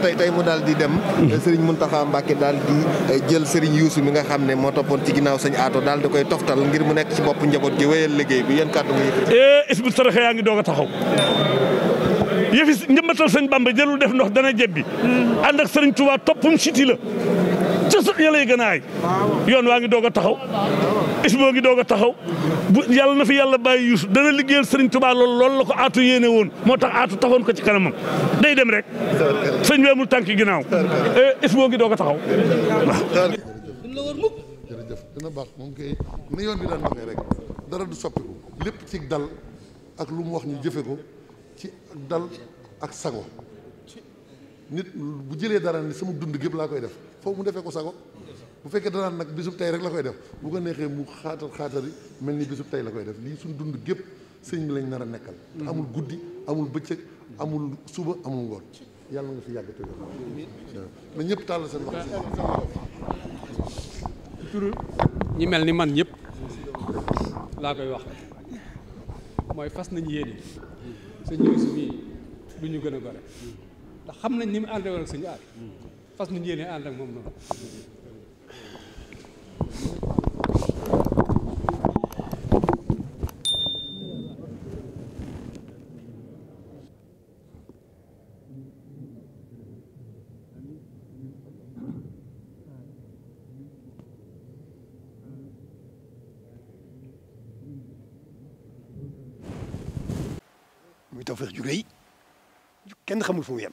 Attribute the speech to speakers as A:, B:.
A: tey tey mu daal di dem Serigne a Mbacké daal di eh, jël Serigne Youssou mi nga xam ne moo toppoon ci ginnaaw sëñ Ato daal di koy toftal ngir mu nekk ci bopp njaboot gi wéyal liggéey bi yéen kàddu nga yëkkati
B: eh, isbu taraxe yaa ngi doog a taxaw yëfi njëmbatal sëñ Bamba jëlul def ndox dana jebbi hmm. ànd ak Serigne Touba toppum siti la te sax yàlla yi yoon waa ngi doog a taxaw is boo ngi doog a taxaw bu yàlla na fi yàlla bàyyi Yuusu dana liggéeyal Sëriñ Tuubaa loolu la ko aatu yéene woon moo tax aatu taxoon ko ci kanamam day dem rek sëñ bi amul tànk ginnaaw eh, is boo ngi doog a taxaw waaw
C: jërëjëf dina baax moom kay ni rek dara du soppiku lépp ci dal ak lu mu wax ñu jëfe ko ci dal ak sago nit bu jëlee dara ni sama dund gépp laa koy def foofu mu defee ko sago bu fekkee danaan nag bisub tey rek la koy def bu ko neexee mu xaatar xaatali mel ni bisub tey la koy def lii suñ dund gépp sëñ lañ nar a nekkal te hmm. amul guddi amul bëccëg amul suba amul ngoon yàlla nga fi yàgg te ñëpp tàll seen
A: mel ni man ñëpp
B: koy wax mooy fas nañu yéene ñu gën a gore ndax xam nañ ni mu ànd ak suñu aar fas ñu yéene ànd ak moom noonu.
A: muy Tawfekh ju rëy kenn xamul fu mu yem